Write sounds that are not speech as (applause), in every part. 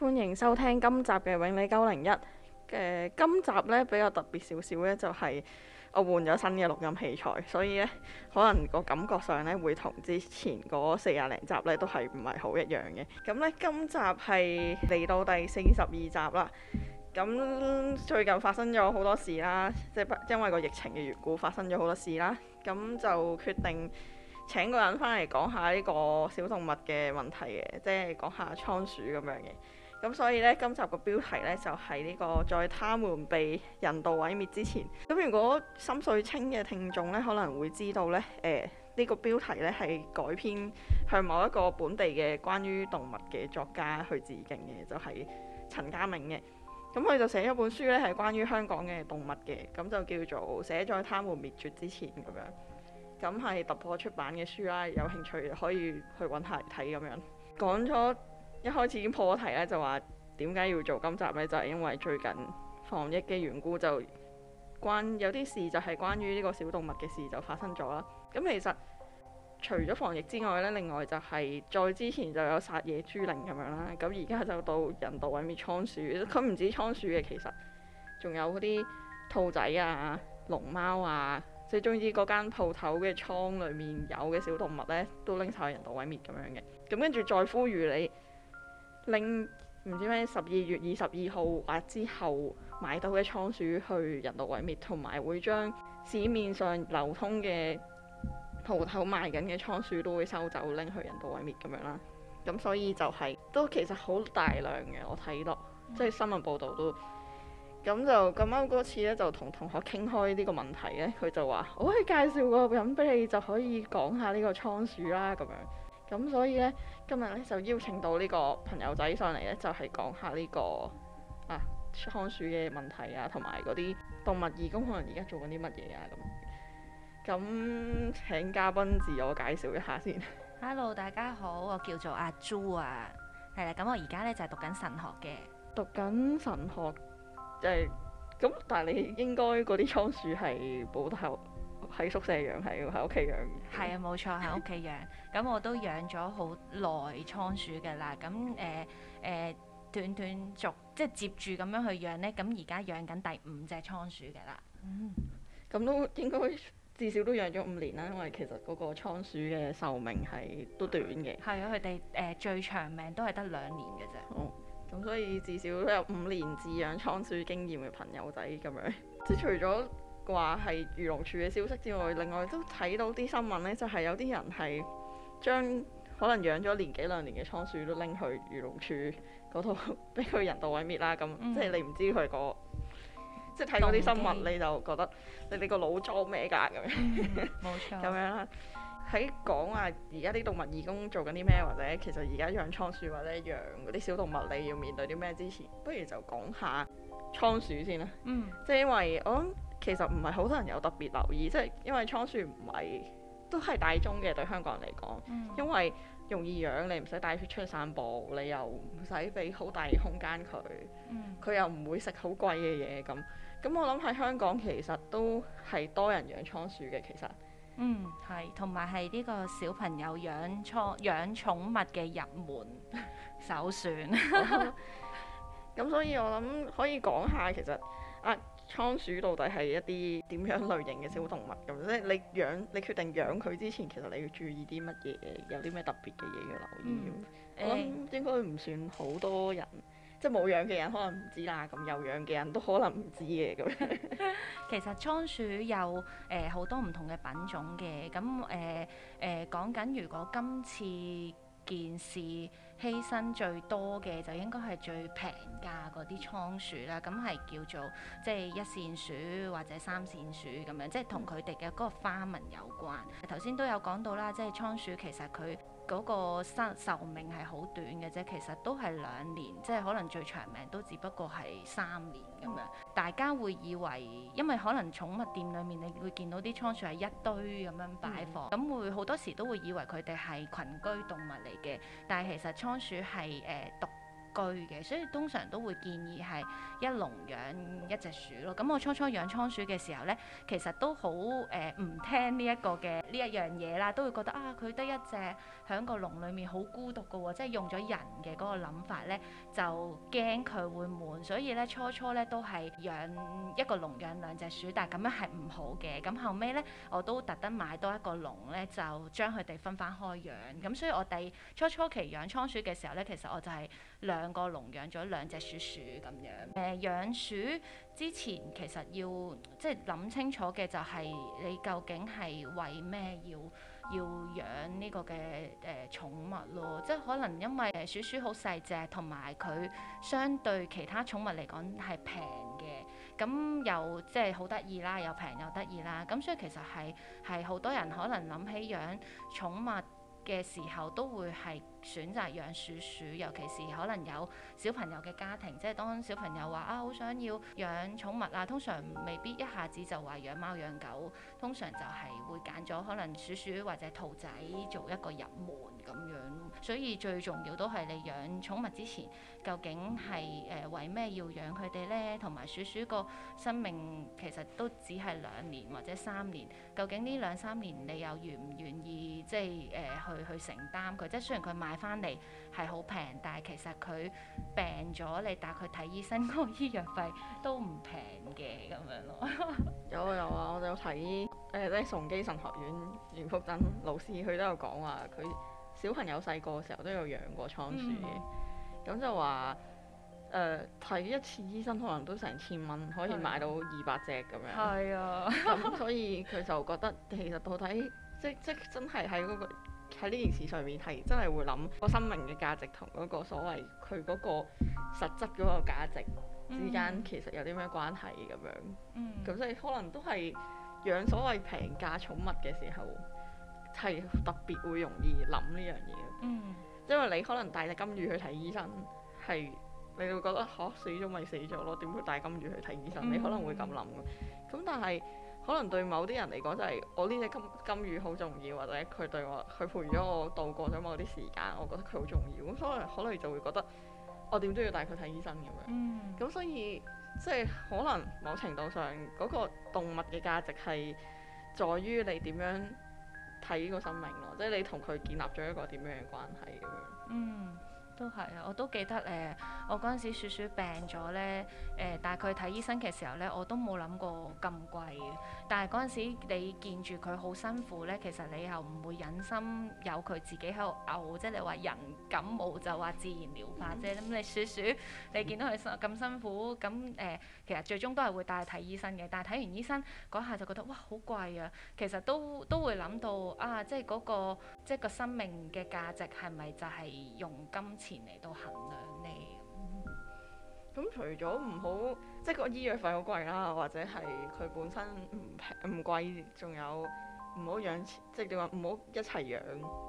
歡迎收聽今集嘅永利九零一。誒、呃，今集咧比較特別少少咧，就係我換咗新嘅錄音器材，所以咧可能個感覺上咧會同之前嗰四廿零集咧都係唔係好一樣嘅。咁、嗯、咧今集係嚟到第四十二集啦。咁、嗯、最近發生咗好多事啦，即係因為個疫情嘅緣故，發生咗好多事啦。咁就決定請個人翻嚟講下呢個小動物嘅問題嘅，即係講下倉鼠咁樣嘅。咁所以呢，今集個標題呢，就係呢個在牠們被人道毀滅之前。咁如果心水清嘅聽眾呢，可能會知道呢，誒，呢個標題呢係改編向某一個本地嘅關於動物嘅作家去致敬嘅，就係陳家明嘅。咁佢就寫咗本書呢，係關於香港嘅動物嘅，咁就叫做寫在牠們滅絕之前咁樣。咁係突破出版嘅書啦，有興趣可以去揾下睇咁樣。講咗。一開始已經破咗題咧，就話點解要做今集呢？就係、是、因為最近防疫嘅緣故，就關有啲事就係關於呢個小動物嘅事就發生咗啦。咁其實除咗防疫之外呢，另外就係再之前就有殺野豬令咁樣啦。咁而家就到人道毀滅倉鼠，佢 (laughs) 唔止倉鼠嘅，其實仲有嗰啲兔仔啊、龍貓啊，最中意嗰間鋪頭嘅倉裡面有嘅小動物呢，都拎晒去人道毀滅咁樣嘅。咁跟住再呼籲你。令唔知咩十二月二十二號或之後買到嘅倉鼠去人道毀滅，同埋會將市面上流通嘅鋪頭賣緊嘅倉鼠都會收走，拎去人道毀滅咁樣啦。咁所以就係、是、都其實好大量嘅，我睇落、嗯、即係新聞報道都。咁就咁啱嗰次咧，就同同學傾開呢個問題咧，佢就話：我係介紹個人俾你，就可以講下呢個倉鼠啦咁樣。咁所以呢，今日咧就邀請到呢個朋友仔上嚟呢，就係講下呢個啊倉鼠嘅問題啊，同埋嗰啲動物義工可能而家做緊啲乜嘢啊咁。咁請嘉賓自我介紹一下先。Hello，大家好，我叫做阿朱啊，係啦，咁我而家呢就係讀緊神學嘅。讀緊神學，就係咁，但係你應該嗰啲倉鼠係保得喺宿舍養，係喎喺屋企養。係啊，冇錯，喺屋企養。咁我都養咗好耐倉鼠嘅啦。咁誒誒，斷斷續即係接住咁樣去養呢。咁而家養緊第五隻倉鼠嘅啦。嗯，咁都應該至少都養咗五年啦。因為其實嗰個倉鼠嘅壽命係都短嘅。係啊， (laughs) 佢哋誒最長命都係得兩年嘅啫。哦，咁所以至少都有五年飼養倉鼠經驗嘅朋友仔咁樣。即 (laughs) 除咗。話係漁農署嘅消息之外，另外都睇到啲新聞呢，就係、是、有啲人係將可能養咗年幾兩年嘅倉鼠都拎去漁農署嗰度，俾佢人道毀滅啦。咁、嗯、即係你唔知佢、那個，嗯、即係睇到啲新聞你就覺得你你個腦裝咩噶咁樣，冇錯咁樣啦。喺講話而家啲動物義工做緊啲咩，或者其實而家養倉鼠或者養嗰啲小動物，你要面對啲咩之前，不如就講下倉鼠先啦。嗯，即係因為我。其實唔係好多人有特別留意，即係因為倉鼠唔係都係大眾嘅對香港人嚟講，嗯、因為容易養，你唔使帶佢出去散步，你又唔使俾好大嘅空間佢，佢、嗯、又唔會食好貴嘅嘢咁。咁我諗喺香港其實都係多人養倉鼠嘅，其實。嗯，係，同埋係呢個小朋友養倉養寵物嘅入門首選。咁 (laughs) (laughs) (laughs) 所以我諗可以講下其實啊。倉鼠到底係一啲點樣類型嘅小動物咁，即係你養，你決定養佢之前，其實你要注意啲乜嘢，有啲咩特別嘅嘢要留意。嗯、我諗應該唔算好多人，嗯、即係冇養嘅人可能唔知啦，咁有養嘅人都可能唔知嘅咁樣。其實倉鼠有誒好、呃、多唔同嘅品種嘅，咁誒誒講緊如果今次件事。犧牲最多嘅就應該係最平價嗰啲倉鼠啦，咁係叫做即係、就是、一線鼠或者三線鼠咁樣，即係同佢哋嘅嗰個花紋有關。頭先、嗯、都有講到啦，即係倉鼠其實佢。嗰個生壽命係好短嘅啫，其實都係兩年，即係可能最長命都只不過係三年咁樣。嗯、大家會以為，因為可能寵物店裡面你會見到啲倉鼠係一堆咁樣擺放，咁、嗯、會好多時都會以為佢哋係群居動物嚟嘅，但係其實倉鼠係誒獨呃嘅，所以通常都會建議係一籠養一隻鼠咯。咁我初初養倉鼠嘅時候呢，其實都好誒唔聽呢一個嘅呢一樣嘢啦，都會覺得啊，佢得一隻喺個籠裏面好孤獨㗎喎，即係用咗人嘅嗰個諗法呢，就驚佢會悶，所以呢，初初呢都係養一個籠養兩隻鼠，但係咁樣係唔好嘅。咁後尾呢，我都特登買多一個籠呢，就將佢哋分返開養。咁所以我第初初期養倉鼠嘅時候呢，其實我就係、是。兩個籠養咗兩隻鼠鼠咁樣，誒、呃、養鼠之前其實要即係諗清楚嘅就係你究竟係為咩要要養呢個嘅誒、呃、寵物咯。即係可能因為誒鼠鼠好細隻，同埋佢相對其他寵物嚟講係平嘅，咁又即係好得意啦，又平又得意啦，咁所以其實係係好多人可能諗起養寵物嘅時候都會係。選擇養鼠鼠，尤其是可能有小朋友嘅家庭，即係當小朋友話啊好想要養寵物啊，通常未必一下子就話養貓養狗，通常就係會揀咗可能鼠鼠或者兔仔做一個入門咁樣。所以最重要都係你養寵物之前，究竟係誒、呃、為咩要養佢哋呢？同埋鼠鼠個生命其實都只係兩年或者三年，究竟呢兩三年你又願唔願意即係誒、呃、去去承擔佢？即係雖然佢賣。買翻嚟係好平，但係其實佢病咗，你帶佢睇醫生嗰個醫藥費都唔平嘅咁樣咯。有啊有啊，我有睇，誒咧，崇基神學院袁福珍老師佢都有講話，佢小朋友細個時候都有養過倉鼠嘅，咁、嗯、哼就話誒睇一次醫生可能都成千蚊，可以買到二百隻咁、啊、樣。係是啊，咁 (laughs) 所以佢就覺得其實到底即即，即，即真係喺嗰個。喺呢件事上面係真係會諗個生命嘅價值同嗰個所謂佢嗰個實質嗰個價值之間、mm. 其實有啲咩關係咁樣？咁所以可能都係養所謂平價寵物嘅時候係特別會容易諗呢樣嘢。Mm. 因為你可能帶隻金魚去睇醫生係你會覺得嚇、哦、死咗咪死咗咯？點會帶金魚去睇醫生？Mm. 你可能會咁諗。咁但係。可能對某啲人嚟講就係我呢隻金金魚好重要，或者佢對我佢陪咗我度過咗某啲時間，我覺得佢好重要，咁所以可能就會覺得我點都要帶佢睇醫生咁樣。咁、嗯、所以即係可能某程度上嗰個動物嘅價值係在於你點樣睇呢個生命咯，即係你同佢建立咗一個點樣嘅關係咁樣。嗯。都係啊！我都記得誒、呃，我陣時鼠鼠病咗咧，誒、呃，帶佢睇醫生嘅時候咧，我都冇諗過咁貴。但係陣時你見住佢好辛苦咧，其實你又唔會忍心有佢自己喺度嘔，即係你話人感冒就話自然療法啫，咁、mm hmm. 嗯、你鼠鼠你見到佢咁辛苦，咁誒、呃、其實最終都係會帶去睇醫生嘅。但係睇完醫生嗰下就覺得哇好貴啊！其實都都會諗到啊，即係嗰個即係、就是、個生命嘅價值係咪就係用金錢？嚟到衡量你咁、嗯，除咗唔好，即係個醫藥費好貴啦，或者係佢本身唔平唔貴，仲有唔好養，即係點話唔好一齊養，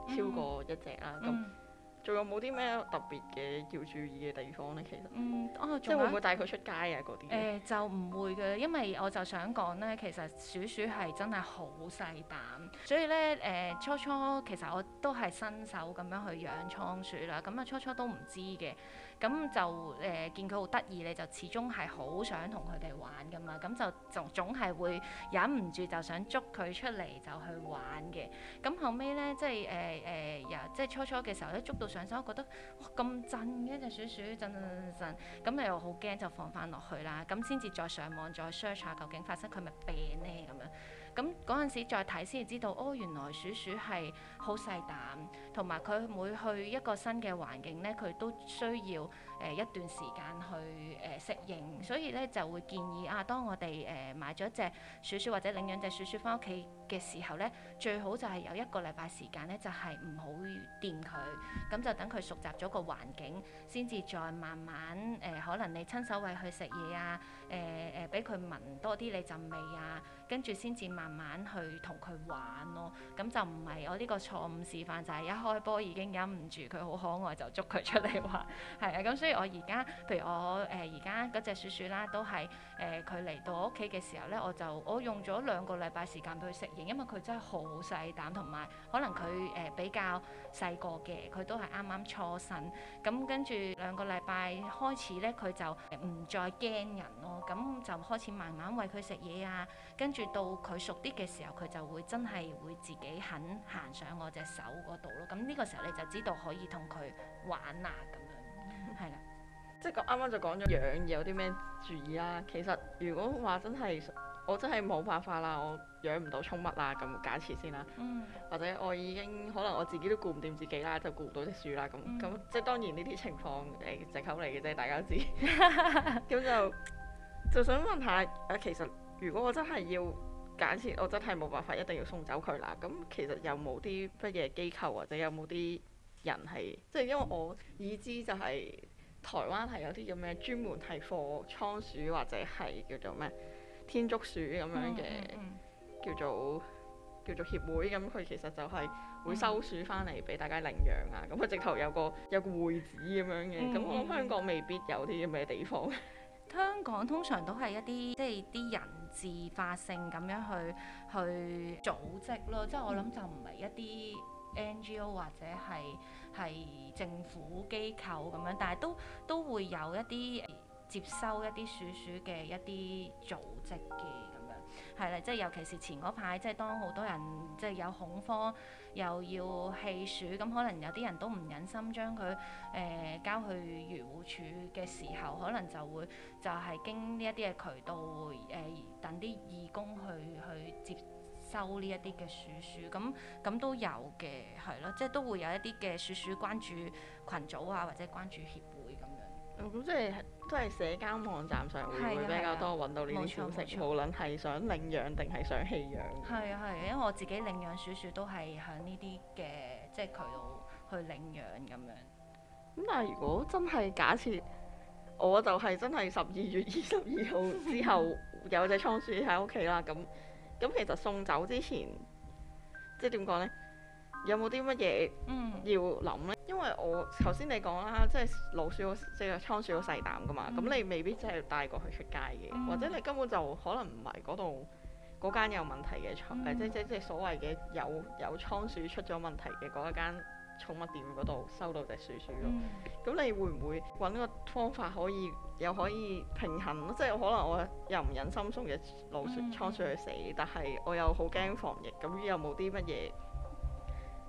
嗯、超過一隻啦咁。嗯嗯仲有冇啲咩特別嘅要注意嘅地方咧？其實、嗯，啊、即係會唔會帶佢出街啊？嗰啲誒就唔會嘅，因為我就想講咧，其實鼠鼠係真係好細膽，所以咧誒、呃、初初其實我都係新手咁樣去養倉鼠啦，咁啊初初都唔知嘅。咁就誒、呃、見佢好得意，你就始終係好想同佢哋玩㗎嘛，咁就仲總係會忍唔住就想捉佢出嚟就去玩嘅。咁後尾咧，即係誒誒又即係初初嘅時候，一捉到上手，我覺得哇咁震嘅就鼠鼠，震震震震震，震，咁你又好驚，就放翻落去啦。咁先至再上網再 search 下究竟發生，佢咪病咧咁樣。咁嗰陣時再睇先至知道，哦，原來鼠鼠係好細膽，同埋佢每去一個新嘅環境咧，佢都需要誒、呃、一段時間去誒適應，所以咧就會建議啊，當我哋誒、呃、買咗一隻鼠鼠或者領養隻鼠鼠返屋企嘅時候咧，最好就係有一個禮拜時間咧，就係唔好掂佢，咁就等佢熟習咗個環境，先至再慢慢誒、呃，可能你親手餵佢食嘢啊，誒、呃。呃俾佢聞多啲你陣味啊，跟住先至慢慢去同佢玩咯。咁就唔係我呢個錯誤示範，就係、是、一開波已經忍唔住佢好可愛就捉佢出嚟玩。係啊，咁、嗯、所以我而家，譬如我誒而家嗰隻鼠鼠啦，都係誒佢嚟到我屋企嘅時候咧，我就我用咗兩個禮拜時間俾佢適應，因為佢真係好細膽，同埋可能佢誒、呃、比較細個嘅，佢都係啱啱初生。咁、嗯、跟住兩個禮拜開始咧，佢就唔再驚人咯。咁、嗯、就開始慢慢餵佢食嘢啊，跟住到佢熟啲嘅時候，佢就會真係會自己肯行上我隻手嗰度咯。咁呢個時候你就知道可以同佢玩啊，咁樣係啦。 (laughs) 的即係啱啱就講咗養有啲咩注意啦、啊。其實如果話真係我真係冇辦法啦，我養唔到寵物啦，咁假設先啦。嗯、或者我已經可能我自己都顧唔掂自己啦，就顧唔到啲鼠啦。咁咁、嗯、即係當然呢啲情況誒藉、欸、口嚟嘅啫，大家知。咁就。就想問下，誒其實如果我真係要揀切，我真係冇辦法一定要送走佢啦。咁其實有冇啲乜嘢機構，或者有冇啲人係，即係因為我已知就係台灣係有啲咁嘅專門係放倉鼠或者係叫做咩天竺鼠咁樣嘅叫做叫做協會，咁佢其實就係會收鼠翻嚟俾大家領養啊。咁佢直頭有個有個會址咁樣嘅，咁，嗯，我諗香港未必有啲咁嘅地方。香港通常都係一啲，即係啲人自發性咁樣去去組織咯，即係我諗就唔係一啲 NGO 或者係係政府機構咁樣，但係都都會有一啲接收一啲鼠鼠嘅一啲組織嘅咁樣，係啦，即係尤其是前嗰排，即係當好多人即係有恐慌。又要棄鼠，咁可能有啲人都唔忍心將佢誒、呃、交去漁護署嘅時候，可能就會就係、是、經呢一啲嘅渠道誒、呃，等啲義工去去接收呢一啲嘅鼠鼠，咁咁都有嘅，係咯，即、就、係、是、都會有一啲嘅鼠鼠關注群組啊，或者關注協會。咁即係都係社交網站上會比較多揾到呢啲消息，無論係想領養定係想棄養。係啊係，因為我自己領養鼠鼠都係響呢啲嘅即係渠道去領養咁樣。咁但係如果真係假設，我就係真係十二月二十二號之後 (laughs) 有隻倉鼠喺屋企啦，咁咁其實送走之前，即係點講呢？有冇啲乜嘢要諗咧？嗯、因為我頭先你講啦，即係老鼠好即係倉鼠好細膽㗎嘛，咁、嗯、你未必真係帶過去出街嘅，嗯、或者你根本就可能唔係嗰度嗰間有問題嘅倉，誒、嗯、即即即所謂嘅有有倉鼠出咗問題嘅嗰一間寵物店嗰度收到隻鼠鼠咯。咁、嗯、你會唔會搵個方法可以又可以平衡咯？即係可能我又唔忍心送隻老鼠倉鼠、嗯、去死，但係我又好驚防疫。咁有冇啲乜嘢？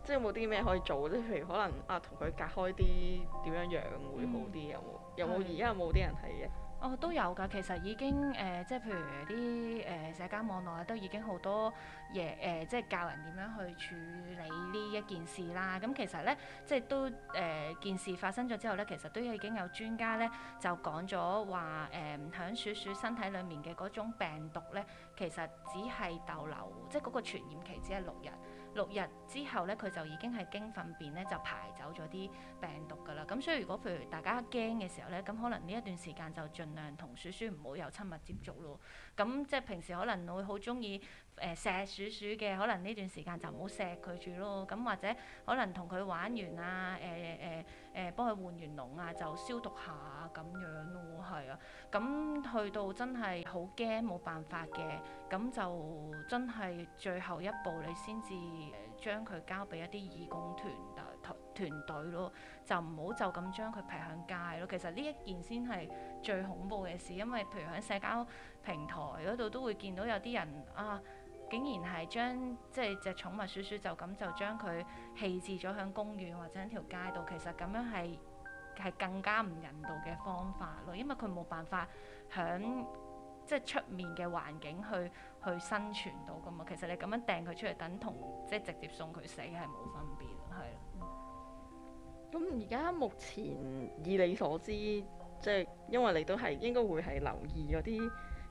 即係有冇啲咩可以做？即係譬如可能啊，同佢隔開啲點樣養會好啲、嗯？有冇有冇而家有冇啲人睇嘅？哦，都有㗎。其實已經誒、呃，即係譬如啲誒、呃、社交網絡啊，都已經好多嘢誒、呃，即係教人點樣去處理呢一件事啦。咁、嗯、其實咧，即係都誒、呃，件事發生咗之後咧，其實都已經有專家咧就講咗話誒，響鼠鼠身體裡面嘅嗰種病毒咧，其實只係逗留，即係嗰個傳染期只係六日。六日之後咧，佢就已經係經糞便咧就排走咗啲病毒㗎啦。咁所以如果譬如大家驚嘅時候咧，咁可能呢一段時間就盡量同鼠鼠唔好有親密接觸咯。咁即係平時可能會好中意誒錫鼠鼠嘅，可能呢段時間就唔好錫佢住咯。咁或者可能同佢玩完啊誒誒。呃呃呃誒、呃、幫佢換完籠啊，就消毒下咁樣咯，係啊。咁去到真係好驚，冇辦法嘅。咁就真係最後一步，你先至將佢交俾一啲義工團,團隊團隊咯，就唔好就咁將佢劈向街咯。其實呢一件先係最恐怖嘅事，因為譬如喺社交平台嗰度都會見到有啲人啊。竟然係將即係隻寵物鼠鼠，就咁就將佢棄置咗喺公園或者喺條街度。其實咁樣係係更加唔人道嘅方法咯，因為佢冇辦法喺即係出面嘅環境去去生存到噶嘛。其實你咁樣掟佢出嚟，等同即係直接送佢死係冇分別，係。咁而家目前以你所知，即係因為你都係應該會係留意嗰啲。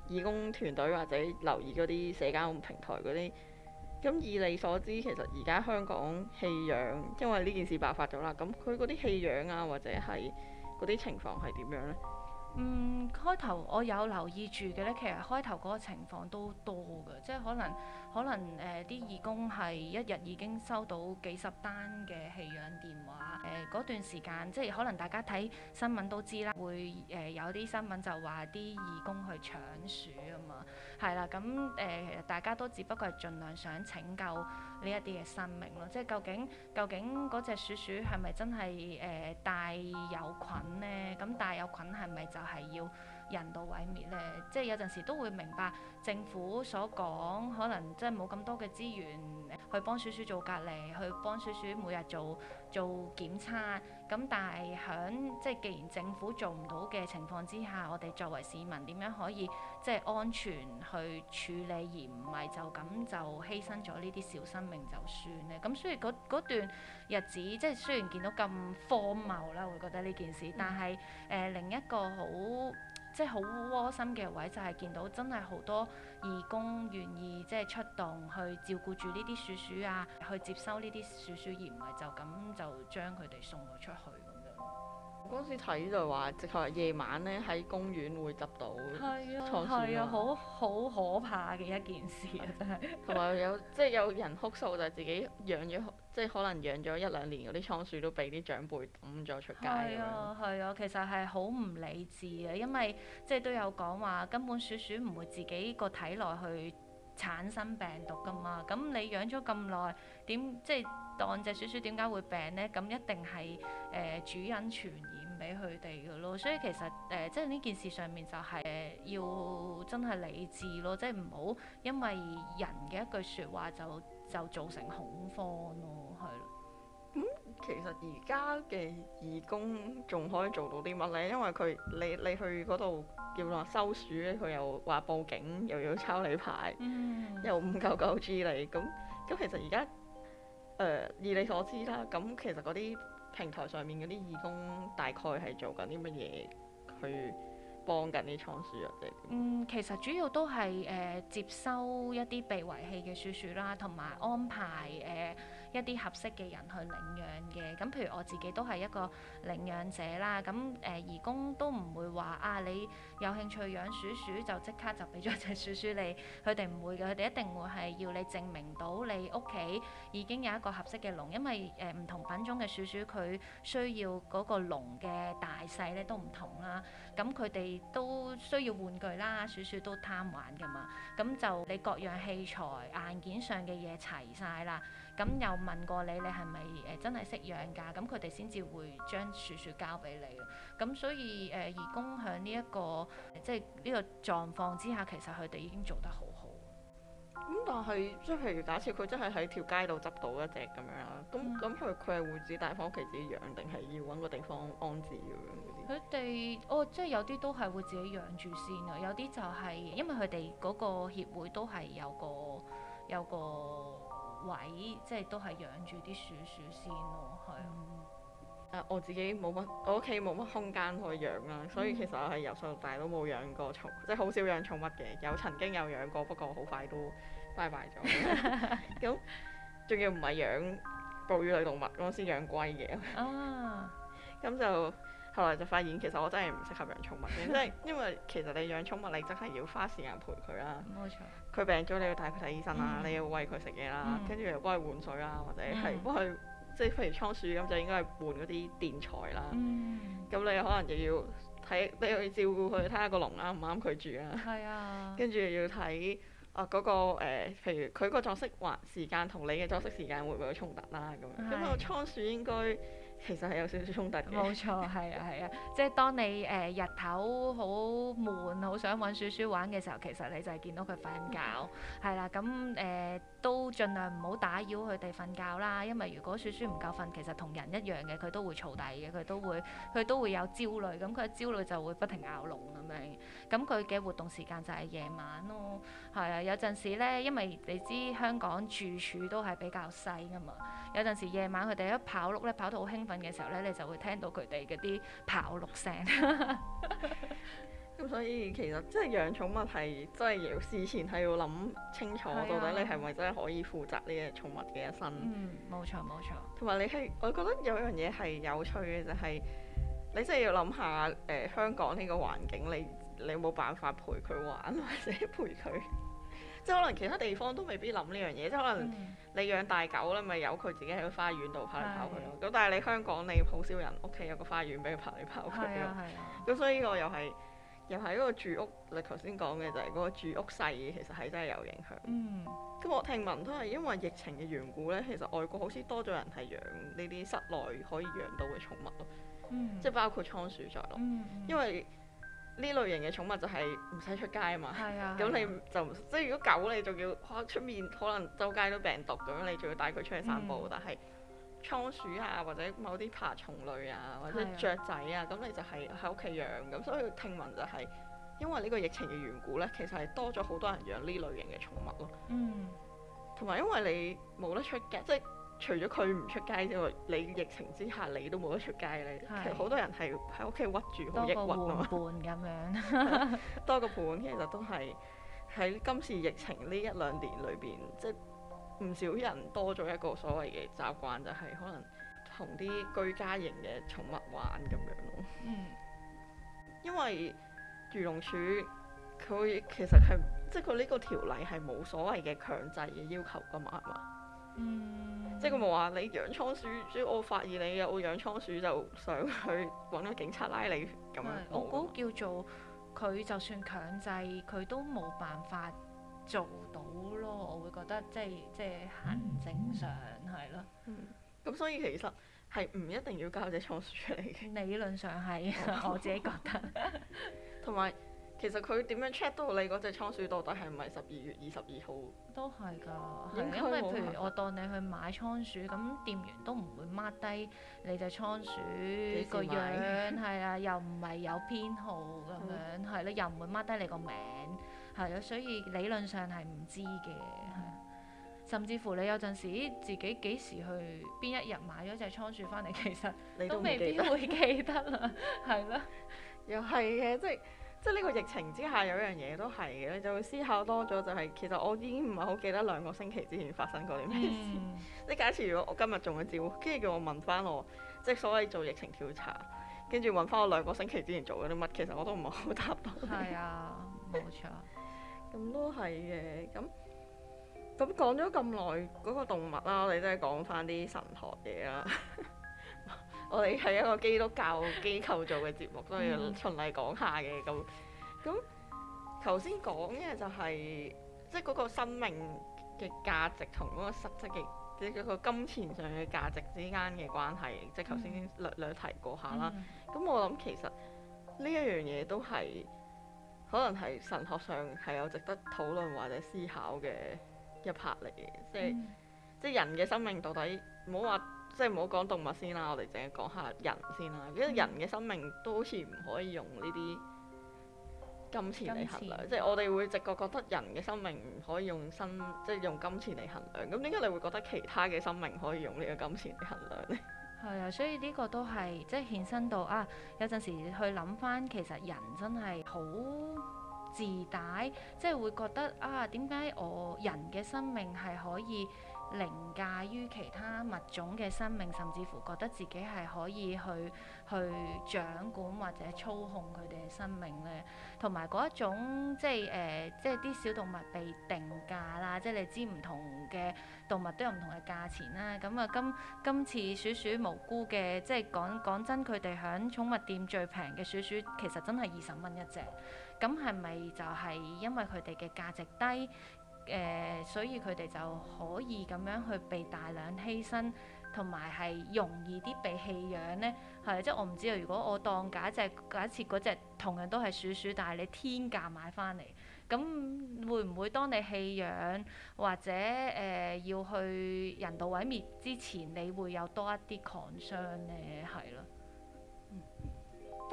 義工團隊或者留意嗰啲社交平台嗰啲，咁以你所知，其實而家香港棄養，因為呢件事爆發咗啦，咁佢嗰啲棄養啊，或者係嗰啲情況係點樣呢？嗯，開頭我有留意住嘅呢，其實開頭嗰個情況都多嘅，即係可能可能誒啲、呃、義工係一日已經收到幾十單嘅棄養電話，誒、呃、嗰段時間即係可能大家睇新聞都知啦，會誒、呃、有啲新聞就話啲義工去搶鼠啊嘛，係啦，咁誒其實大家都只不過係盡量想拯救。呢一啲嘅生命咯，即係究竟究竟嗰隻鼠鼠係咪真係誒帶有菌咧？咁帶有菌係咪就係要人道毀滅咧，即係有陣時都會明白政府所講，可能即係冇咁多嘅資源去幫鼠鼠做隔離，去幫鼠鼠每日做做檢測。咁但係響即係，既然政府做唔到嘅情況之下，我哋作為市民點樣可以即係安全去處理，而唔係就咁就犧牲咗呢啲小生命就算咧？咁所以嗰段日子即係雖然見到咁荒謬啦，我會覺得呢件事，嗯、但係誒、呃、另一個好。即係好窩心嘅位，就係、是、見到真係好多義工願意即係出動去照顧住呢啲鼠鼠啊，去接收呢啲鼠鼠，而唔係就咁就將佢哋送咗出去咁樣。嗰陣時睇就話，即係夜晚咧喺公園會執到倉鼠，係啊，好好、啊、可怕嘅一件事啊，真係。 (laughs) 同埋有即係有人哭訴就係、是、自己養咗。即係可能養咗一兩年嗰啲倉鼠都俾啲長輩抌咗出街咁樣。係啊，係啊，其實係好唔理智啊！因為即係都有講話根本鼠鼠唔會自己個體內去產生病毒噶嘛。咁你養咗咁耐，點即係當隻鼠鼠點解會病呢？咁一定係誒、呃、主人傳染俾佢哋噶咯。所以其實誒、呃、即係呢件事上面就係要真係理智咯，即係唔好因為人嘅一句説話就。就造成恐慌咯，係啦。咁、嗯、其實而家嘅義工仲可以做到啲乜咧？因為佢你你去嗰度叫話收鼠咧，佢又話報警，又要抄你牌，嗯、又五舊舊 G 你咁咁。其實而家誒，以你所知啦，咁其實嗰啲平台上面嗰啲義工大概係做緊啲乜嘢？佢幫緊啲倉鼠入嚟。嗯，其實主要都係誒、呃、接收一啲被遺棄嘅鼠鼠啦，同埋安排誒。呃一啲合適嘅人去領養嘅，咁譬如我自己都係一個領養者啦。咁誒、呃，義工都唔會話啊，你有興趣養鼠鼠就即刻就俾咗隻鼠鼠你，佢哋唔會嘅，佢哋一定會係要你證明到你屋企已經有一個合適嘅籠，因為誒唔、呃、同品種嘅鼠鼠佢需要嗰個籠嘅大細咧都唔同啦。咁佢哋都需要玩具啦，鼠鼠都貪玩㗎嘛。咁就你各樣器材硬件上嘅嘢齊晒啦。咁又問過你，你係咪誒真係識養㗎？咁佢哋先至會將鼠鼠交俾你嘅。咁所以誒義工喺呢一個即係呢個狀況之下，其實佢哋已經做得好好。咁、嗯、但係即係譬如假設佢真係喺條街度執到一隻咁樣啦，咁咁佢佢係會自己帶翻屋企自己養，定係要搵個地方安置咁樣嗰啲？佢哋哦，即係有啲都係會自己養住先啊，有啲就係因為佢哋嗰個協會都係有個有個，有個位即係都係養住啲鼠鼠先咯，係、嗯、啊。我自己冇乜，我屋企冇乜空間可以養啦，嗯、所以其實我係由細到大都冇養過寵，即係好少養寵物嘅。有曾經有養過，不過好快都拜拜咗。咁仲 (laughs) (laughs) 要唔係養哺乳類動物，我先養龜嘅。啊，咁 (laughs) 就。後來就發現其實我真係唔適合養寵物嘅，即係 (laughs) 因為其實你養寵物你真係要花時間陪佢啦。冇錯。佢病咗你要帶佢睇醫生啦，嗯、你要餵佢食嘢啦，跟住、嗯、又幫佢換水啦，或者係幫佢、嗯、即係譬如倉鼠咁就應該係換嗰啲墊材啦。嗯。咁你可能就要睇，你要照顧佢，睇下個籠啱唔啱佢住、嗯、啊。係、那、啊、個。跟住又要睇啊嗰個譬如佢個作息環時間同你嘅作息時間會唔會有衝突啦咁樣。咁對個倉鼠應該。其實係有少少衝突嘅，冇錯，係啊，係啊，即係當你誒、呃、日頭好悶，好想搵鼠鼠玩嘅時候，其實你就係見到佢瞓覺，係啦、嗯，咁誒、啊呃、都盡量唔好打擾佢哋瞓覺啦。因為如果鼠鼠唔夠瞓，其實同人一樣嘅，佢都會嘈底嘅，佢都會佢都會有焦慮，咁佢焦慮就會不停咬籠咁樣，咁佢嘅活動時間就係夜晚咯。係啊，有陣時咧，因為你知香港住處都係比較細㗎嘛，有陣時夜晚佢哋一跑碌咧，跑到好興奮嘅時候咧，你就會聽到佢哋嗰啲跑碌聲。咁 (laughs) (laughs) 所以其實即係養寵物係真係要事前係要諗清楚，到底你係咪真係可以負責呢隻寵物嘅一生？嗯，冇錯冇錯。同埋你係，我覺得有樣嘢係有趣嘅就係、是，你真係要諗下誒香港呢個環境你。你冇辦法陪佢玩或者 (laughs) 陪佢它， (laughs) 即係可能其他地方都未必諗呢樣嘢，嗯、即係可能你養大狗啦，咪由佢自己喺是個花園度跑嚟跑去咯。咁但係你香港你好少人屋企有個花園俾佢跑嚟跑去，咁、啊啊、所以呢個又係又係一個住屋。你頭先講嘅就係嗰個住屋細，其實係真係有影響。咁、嗯、我聽聞都係因為疫情嘅緣故咧，其實外國好似多咗人係養呢啲室內可以養到嘅寵物咯，嗯、即係包括倉鼠在內，嗯、因為。呢類型嘅寵物就係唔使出街啊嘛，咁、啊、 (laughs) 你就、啊、即係如果狗你仲要出面，可能周街都病毒咁樣，你仲要帶佢出去散步。嗯、但係倉鼠啊，或者某啲爬蟲類啊，或者雀仔啊，咁、啊、你就係喺屋企養咁。所以聽聞就係、是、因為呢個疫情嘅緣故咧，其實係多咗好多人養呢類型嘅寵物咯。嗯，同埋因為你冇得出街，即、就、係、是。除咗佢唔出街之外，你疫情之下你都冇得出街咧。係好是多人係喺屋企屈住，好抑鬱啊嘛。個盤咁樣，多個盤 (laughs) 其實都係喺今次疫情呢一兩年裏邊，即係唔少人多咗一個所謂嘅習慣，就係、是、可能同啲居家型嘅寵物玩咁樣咯。嗯。 (laughs) 因為漁護署佢其實係即係佢呢個條例係冇所謂嘅強制嘅要求㗎嘛，係嘛？嗯。嗯、即係佢冇話你養倉鼠，所以我發現你有養倉鼠就上去揾個警察拉你咁樣。我估叫做佢就算強制佢都冇辦法做到咯，我會覺得即係即係行正常係咯。咁所以其實係唔一定要交隻倉鼠出嚟嘅。理論上係，我自己覺得。同埋。.其實佢點樣 check 到你嗰隻倉鼠到底係唔係十二月二十二號？都係㗎，因為譬如我當你去買倉鼠，咁店員都唔會 mark 低你隻倉鼠個樣，係啦，又唔係有編號咁樣，係啦、嗯，又唔會 mark 低你個名，係，所以理論上係唔知嘅，係。甚至乎你有陣時自己幾時去邊一日買咗隻倉鼠翻嚟，其實你都未必會記，記得啦，係啦，又係嘅，即係。 (laughs) 即係呢個疫情之下有一樣嘢都係嘅，你就會思考多咗、就係，就係其實我已經唔係好記得兩個星期之前發生過啲咩事。你假設如果我今日仲會照，跟住叫我問翻我，即係所謂做疫情調查，跟住問翻我兩個星期之前做咗啲乜，其實我都唔係好答到。係啊，冇錯。咁 (laughs) 都係嘅。咁咁講咗咁耐嗰個動物啦，我哋都係講翻啲神學嘢啦。 (laughs) 我哋係一個基督教機構做嘅節目，所以循例講下嘅咁。咁頭先講嘅就係即係嗰個生命嘅價值同嗰個實質嘅即係嗰個金錢上嘅價值之間嘅關係，即係頭先略、嗯、略，略提過下啦。咁、嗯、我諗其實呢一樣嘢都係可能係神學上係有值得討論或者思考嘅一 part 嚟嘅，即係即係人嘅生命到底唔好話。即係唔好講動物先啦，我哋淨係講下人先啦。因為人嘅生命都好似唔可以用呢啲金錢嚟衡量。錢即係我哋會直覺覺得人嘅生命唔可以用身，即係用金錢嚟衡量。咁點解你會覺得其他嘅生命可以用呢個金錢嚟衡量咧？係啊，所以呢個都係即係獻身到啊。有陣時去諗返，其實人真係好自大，即係會覺得啊，點解我人嘅生命係可以凌駕於其他物種嘅生命，甚至乎覺得自己係可以去去掌管或者操控佢哋嘅生命咧，同埋嗰一種即係誒，即係啲、呃、小動物被定價啦，即係你知唔同嘅動物都有唔同嘅價錢啦。咁啊，今今次鼠鼠無辜嘅，即係講講真，佢哋喺寵物店最平嘅鼠鼠，其實真係二十蚊一隻。咁係咪就係因為佢哋嘅價值低？誒、呃，所以佢哋就可以咁樣去被大量犧牲，同埋係容易啲被棄養呢係，即係我唔知道，如果我當假設，假設嗰隻同樣都係鼠鼠，但係你天價買翻嚟，咁會唔會當你棄養或者誒、呃、要去人道毀滅之前，你會有多一啲 concern 呢？係咯。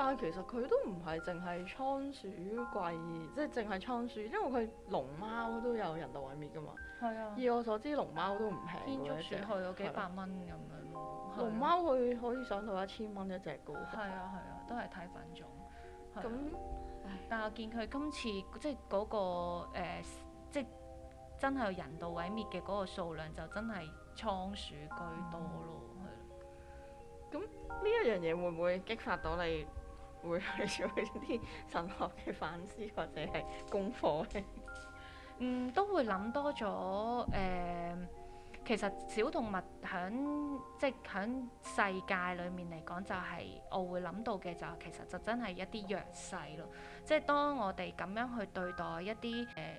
但係其實佢都唔係淨係倉鼠貴，即係淨係倉鼠，因為佢龍貓都有人道毀滅㗎嘛。係啊。以我所知，龍貓都唔平。天竺鼠去到幾百蚊咁、啊、樣咯。啊、龍貓佢可，可以上到一千蚊一隻噶。係啊係啊，啊，都係睇品種。咁、啊，啊、但係我見佢今次即係嗰、嗰個、呃、即係真係人道毀滅嘅嗰個數量就真係倉鼠居多咯。係、嗯。咁呢一樣嘢會唔會激發到你？會去做一啲神學嘅反思，或者係功課 (laughs) 嗯，都會諗多咗。誒、呃，其實小動物響即係響世界裏面嚟講，就係，就係我會諗到嘅就係，其實就真係一啲弱勢咯。即係當我哋咁樣去對待一啲誒、呃、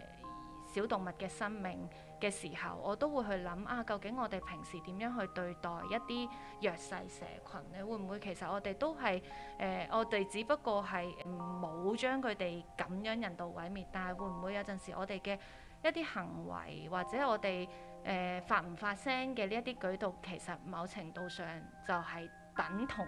小動物嘅生命。嘅時候，我都會去諗啊，究竟我哋平時點樣去對待一啲弱勢社群呢？會唔會其實我哋都係誒、呃，我哋只不過係冇將佢哋咁樣人道毀滅，但係會唔會有陣時我哋嘅一啲行為或者我哋誒、呃、發唔發聲嘅呢一啲舉動，其實某程度上就係等同。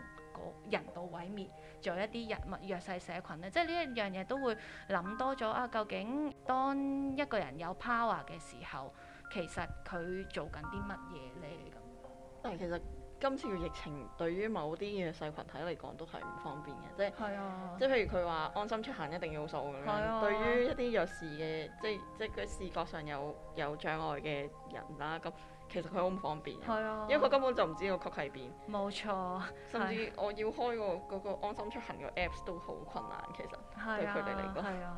人道毀滅，仲有一啲人物弱勢社群，咧，即係呢一樣嘢都會諗多咗啊！究竟當一個人有 power 嘅時候，其實佢做緊啲乜嘢咧？咁，誒，其實今次嘅疫情對於某啲弱勢群體嚟講都係唔方便嘅，即係，是啊、即係譬如佢話安心出行一定要數咁樣，是啊、對於一啲弱視嘅，即係即係佢視覺上有有障礙嘅人啦，咁。其實佢好唔方便，啊、因為佢根本就唔知個曲喺邊。冇錯，甚至我要開個嗰、啊、安心出行嘅 Apps 都好困難。啊、其實對佢哋嚟講，啊、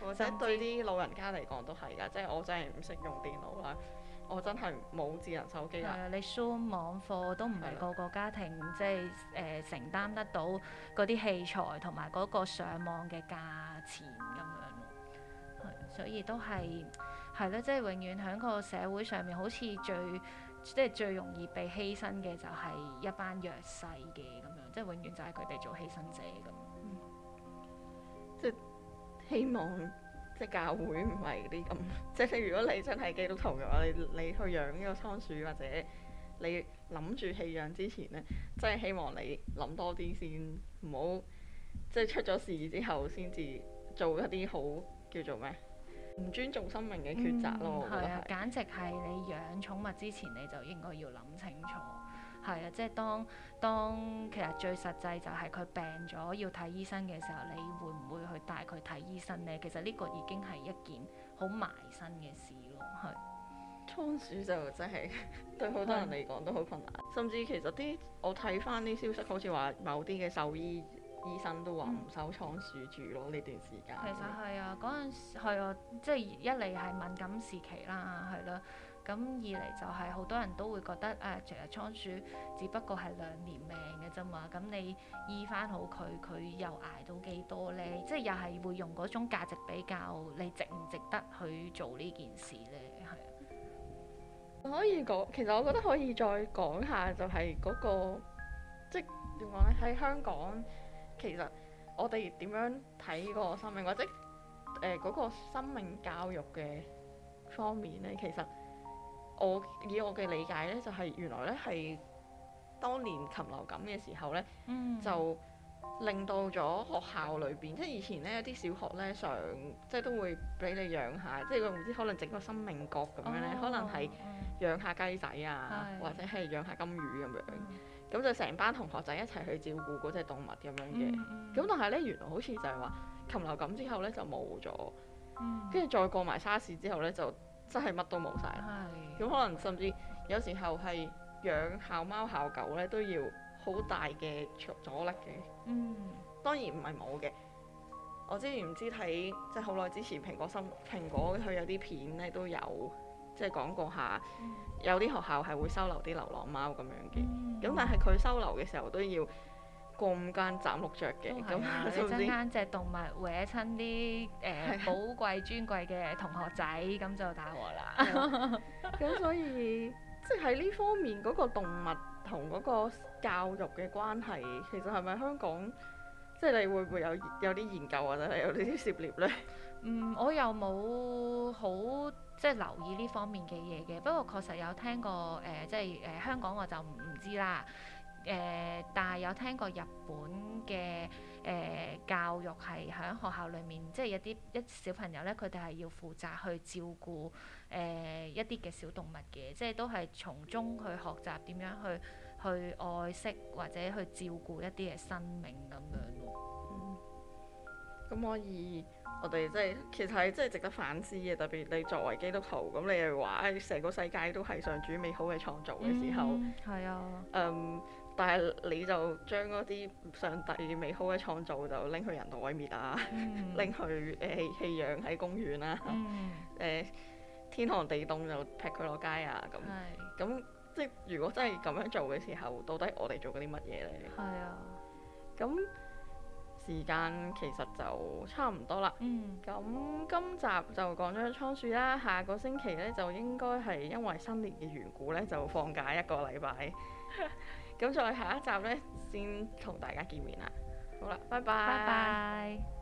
或者至對啲老人家嚟講都係㗎，即、就、係、是、我真係唔識用電腦啦，我真係冇智能手機啦、啊。你上網課都唔係個個家庭、啊、即係誒、呃、承擔得到嗰啲器材同埋嗰個上網嘅價錢咁樣，所以都係。係咯、 (noise) 嗯，即係永遠喺個社會上面，好似最即係最容易被犧牲嘅就係一班弱勢嘅咁樣，即係永遠就係佢哋做犧牲者咁。即係希望即係教會唔係啲咁，即你如果你真係基督徒嘅話，你你去養呢個倉鼠或者你諗住棄養之前咧，即係希望你諗多啲先，唔好即係出咗事之後先至做一啲好叫做咩？唔尊重生命嘅抉擇咯，我係、嗯、啊，是簡直係你養寵物之前你就應該要諗清楚，係啊，即係當當其實最實際就係佢病咗要睇醫生嘅時候，你會唔會去帶佢睇醫生呢？其實呢個已經係一件好埋身嘅事咯，係。倉鼠就真係 (laughs) 對好多人嚟講都好困難，是甚至其實啲我睇翻啲消息，好似話某啲嘅獸醫。醫生都話唔收倉鼠住咯呢、嗯、段時間。其實係啊，嗰陣係啊即係一嚟係敏感時期啦，係啦、啊。咁二嚟就係好多人都會覺得誒，其實倉鼠只不過係兩年命嘅啫嘛。咁你醫翻好佢，佢又捱到幾多咧？即、就、係、是、又係會用嗰種價值比較，你值唔值得去做呢件事咧？係、啊。可以講，其實我覺得可以再講下就、那個，就係嗰個即係點講咧？喺香港。其實我哋點樣睇個生命，或者誒嗰個生命教育嘅方面咧？其實我以我嘅理解咧，就係、是、原來咧係當年禽流感嘅時候咧，嗯、就令到咗學校裏邊、嗯、即係以前咧有啲小學咧上即係都會俾你養下，即係唔知可能整個生命角咁樣咧，哦、可能係養下雞仔啊，嗯、或者係養下金魚咁樣。嗯嗯咁就成班同學仔一齊去照顧嗰隻動物咁樣嘅，咁、嗯嗯、但係咧原來好似就係話禽流感之後咧就冇咗，跟住、嗯、再過埋、嗯、沙士之後咧就真係乜都冇晒。咁唉可能甚至有時候係養校貓校狗咧都要好大嘅阻力嘅。嗯，當然唔係冇嘅，我之前唔知睇即係好耐之前蘋果新蘋果佢有啲片咧都有。即係講過下，嗯、有啲學校係會收留啲流浪貓咁樣嘅，咁、嗯、但係佢收留嘅時候都要過五關斬六將嘅，咁你真間隻動物搲親啲誒寶貴尊貴嘅同學仔，咁、嗯、就大鑊啦。咁 (laughs) 所以即係喺呢方面嗰、那個動物同嗰個教育嘅關係，其實係咪香港即係、就是、你會唔會有有啲研究或者係有啲涉獵咧？ (laughs) 嗯，我又冇好。即係留意呢方面嘅嘢嘅，不過確實有聽過誒、呃，即係誒、呃、香港我就唔知啦。誒、呃，但係有聽過日本嘅誒、呃、教育係喺學校裏面，即係一啲一小朋友咧，佢哋係要負責去照顧誒、呃、一啲嘅小動物嘅，即係都係從中去學習點樣去去愛惜或者去照顧一啲嘅生命咁樣咯。嗯，咁可以。我哋真係，其實係真係值得反思嘅。特別你作為基督徒，咁你又話誒成個世界都係上主美好嘅創造嘅時候，係、嗯、啊。嗯，但係你就將嗰啲上帝美好嘅創造就拎去人道毀滅啊，拎、嗯、 (laughs) 去誒棄、呃、養喺公園啊，誒、嗯呃、天寒地凍就劈佢落街啊咁。咁即係如果真係咁樣做嘅時候，到底我哋做緊啲乜嘢咧？係啊。咁、嗯。時間其實就差唔多啦，咁、嗯、今集就講咗倉鼠啦。下個星期咧就應該係因為新年嘅緣故咧，就放假一個禮拜。咁 (laughs) 再下一集咧先同大家見面啦。好啦，拜拜。Bye bye。